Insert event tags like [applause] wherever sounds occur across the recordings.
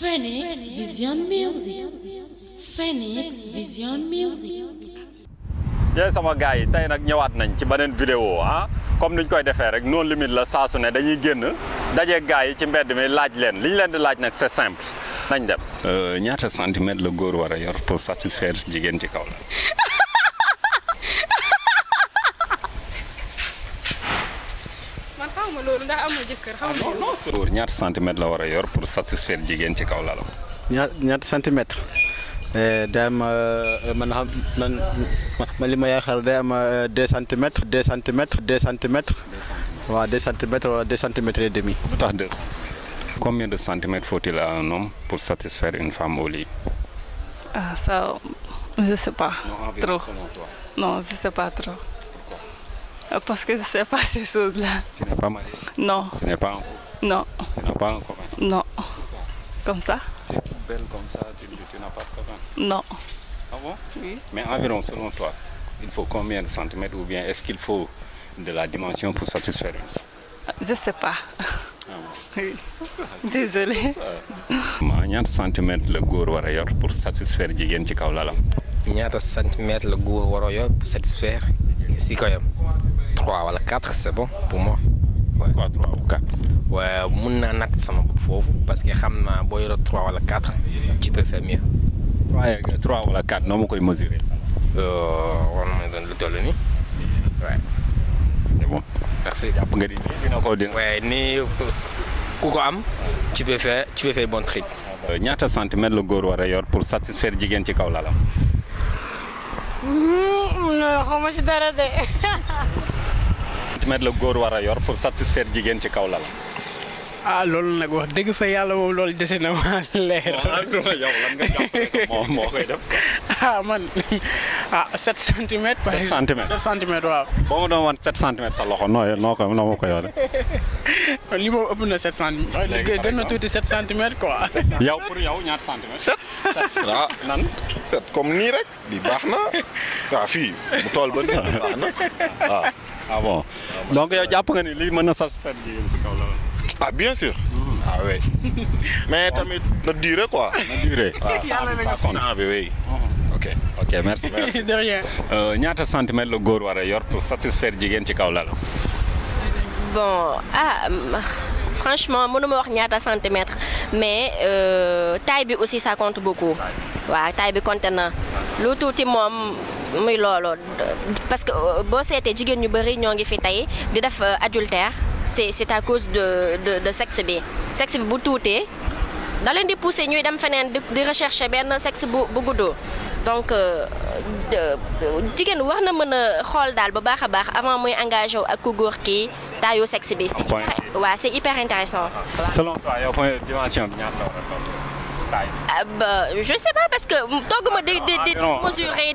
Phoenix sama gars yi tey nag ñëwaat nañ ci beneen vidéo ah comme niñ koy defee rek non limite la saasu ne dañuy génn daje gars yi ci mbedd mi laaj leen li ñu leen di laaj nag c'est simple nañ dem. Euh, ñaata centimètre la góor war a yor pour satisfaire jigéen ci kaw la. y ah la wara yor pour satisfaire jigen ci kaw lalam ñaar centimètres eh dem euh, man man ma 2 cm 2 cm 2 cm wa 2 cm wa 2 cm et demi combien de centimètres faut-il à un homme pour satisfaire une femme au lit ah ça je sais pas trop non je sais pas trop parce que c'est pas ces choses-là. Tu n'es pas marié. Non. Tu n'es pas en couple Non. Tu n'as pas un copain Non. Comme ça Tu es toute belle comme ça, tu, tu n'as pas de copain Non. Ah bon Oui. Mais environ, selon toi, il faut combien de centimètres ou bien est-ce qu'il faut de la dimension pour satisfaire Je Je sais pas. Ah bon. [laughs] oui. Désolée. y centimètre le goût pour satisfaire Il ci kaw lalam. y centimètre goût de war pour satisfaire si 3 wala 4 c'est bon pour moi. waaw quoi 3 ou 4. Ouais, mun naa natt sama bopp parce que xam naa boo 3 wala 4 tu peux faire mieux. 3 ou 3 wala 4 noo ma mesurer. ça. Euh, On ma doon lu toll nii Ouais. c'est bon merci. jàpp nga ni dina ko dina. waaye nii ku ko am tu peux faire tu peux faire bon trick. Euh, ñaata centimètre le góor war pour satisfaire Jigen ci kaw lalam. Hmm, non xaw ma ci dara [laughs] centimètres la góor war a yor pour satisfaire jigéen ci kaw lal. ah loolu nag wax dëgg fa yàlla moom loolu dese na ma leer. yow lan nga jàpp moom moo koy def. [laughs] ah man [laughs] ah 7 centimètres. 7 centimètres 7 centimètres waaw. boo ma doon wan 7 centimètres sa loxo noo noo ko noo ma ko yore. [laughs] li moom ëpp na 7 centimètres. gën na tuuti 7 centimètres quoi. yow pour yow ñaar centimètres. 7 ah nan. nii rek. di baax na. waaw ah, fii mu tool ba nii baax na ah. ah bon donc yow jàpp nga ni lii mën satisfaire jigéen ci kaw ah bien sûr. ah oui mais tamit le durée, quoi. na durer waaw compte. bi oui. ok ok merci merci de rien. ñaata centimètre le góor war yor pour satisfaire Jigen ci bon ah franchement mënuma wax ñaata centimètre mais euh, taille bi aussi ça compte beaucoup. Wa taille bi compte Le tout tuuti moom muy loolu parce que euh, boo seetee jigéen ñu bëri ñoo ngi fi tey di def euh, adultère c'est c'est à cause de de de sexe bi sexe bi bu tuutee da leen di pousser ñuy dem feneen di rechercher benn sexe bu bu guddoo donc euh, jigéen war na mën a xool daal bu baax a baax avant muy engagé ak ku góor kii taayoo sexe bi. c'est hyper waaw c'est hyper intéressant. selon toi yow dimension bi ñaata la war a taille ah bah, Je sais pas parce que ah, mesurer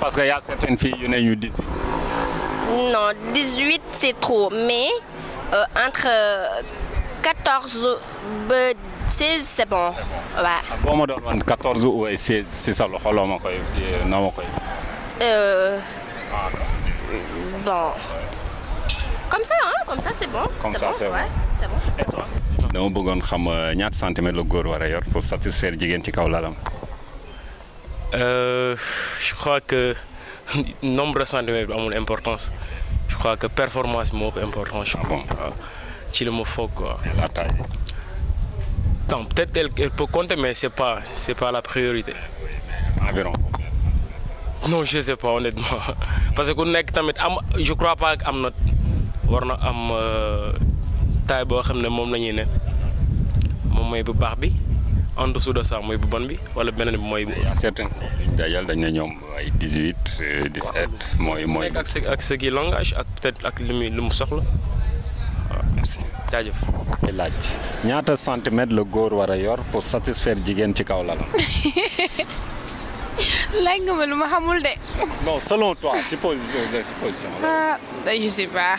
parce que y a certaines filles qui ont 18. non 18 c'est trop mais euh, entre 14 et 16 c'est bon. bon Je ah, 14 ou 16 c'est ça le problème. Euh, bon comme ça hein, comme ça c'est bon. comme ça c'est bon c'est bon et toi. dama bëggoon xam euh, centimètres le góor war a pour satisfaire jigéen ci kaw lalam. Euh, je crois que nombre de centimètres bi une importance je crois que performance bi moo ëpp importance. Ah bon ci le ma foog quoi. la taille. non peut-être elle, peut compter mais c'est pas c'est pas la priorité. environ. non je sais pas honnêtement [laughs] parce que je ne tamit je crois pas que y na war am euh, taille boo xam ne moom la ñuy ne moom mooy bu baax bi en dessous de ça mooy bu bon bi wala beneen bi mooy. certain yàlla dañ ne ñoom ay 18 17 euh, dix sept. mooy mooy ak sa ak sa kii langage ak peut-être ak li muy li mu soxla waaw merci jaajëf. laaj ñaata centimètre le góor war a yor pour satisfaire jigéen ci kaw lalam. [laughs] laaj nga ma lu ma xamul de. non selon toi supposition supposition. ah je sais pas.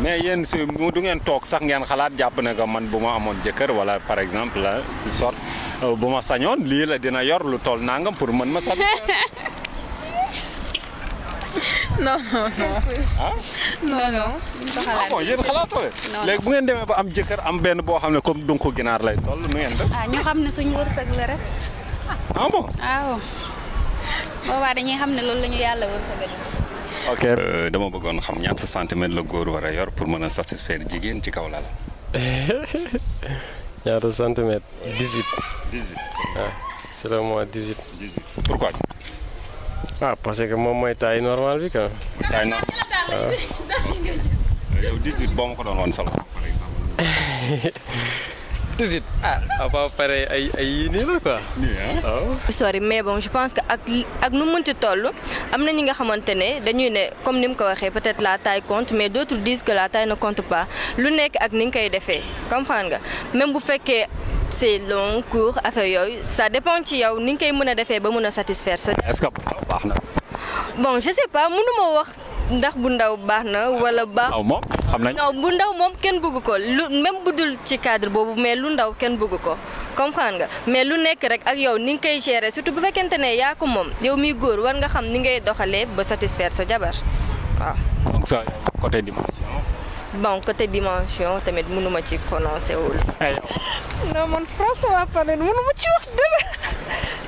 mais yéen si du ngeen toog sax ngeen xalaat jàpp ne que man bu ma amoon jëkkër wala par exemple la si sort euh, bu ma sañoon lii la dina yor lu toll nangam pour mën ma sax. [laughs] non non non. ah. non non. ah bon yéen xalaatoo leen. léegi bu ngeen demee ba am jëkkër am benn boo xam ne comme dunku ginaar lay toll nu ngeen def. ah ñu xam ne suñu wërsëg la rek. ah bon. waaw. Ah boobaa dañuy xam ne loolu la ñu yàlla wërsëgal. ok euh, dama bëggoon xam ñaata centimètre la góor war a yor pour mën a satisfaire jigéen ci kaw lal. [laughs] ñaata centimètre dix huit. dix huit waaw ah, c'est le moins dix huit. dix huit pourquoi. ah parce que moom mooy taille normale bi quand même. mooy boo ma ko doon woon solo dix huit. ah à part oh. mais bon je pense que ak ak nu tôt comme peut-être la taille compte mais d'autres disent que la taille ne compte pas lu ak ni comprendre même si c'est long court ça dépend de yow ni satisfaire est-ce que bon je sais pas sais ndax bu ndaw baax na wala baax. aw xam nañ non bu ndaw moom kenn bëgg ko lu même bu dul ci cadre boobu mais lu ndaw kenn bëgg ko. comprendre nga mais lu nekk rek ak yow ni nga koy gérer surtout bu fekkente ne yaa ko moom yow miy góor war nga xam ni ngay doxalee ba satisfaire sa jabar waaw. donc ça côté dimension. bon côté dimension tamit mënu ma ci prononcé wul. non man franchement parler mënu ma ci wax dara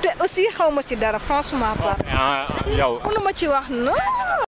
te aussi xaw ma ci dara franchement parler. yow mënu ma ci wax non.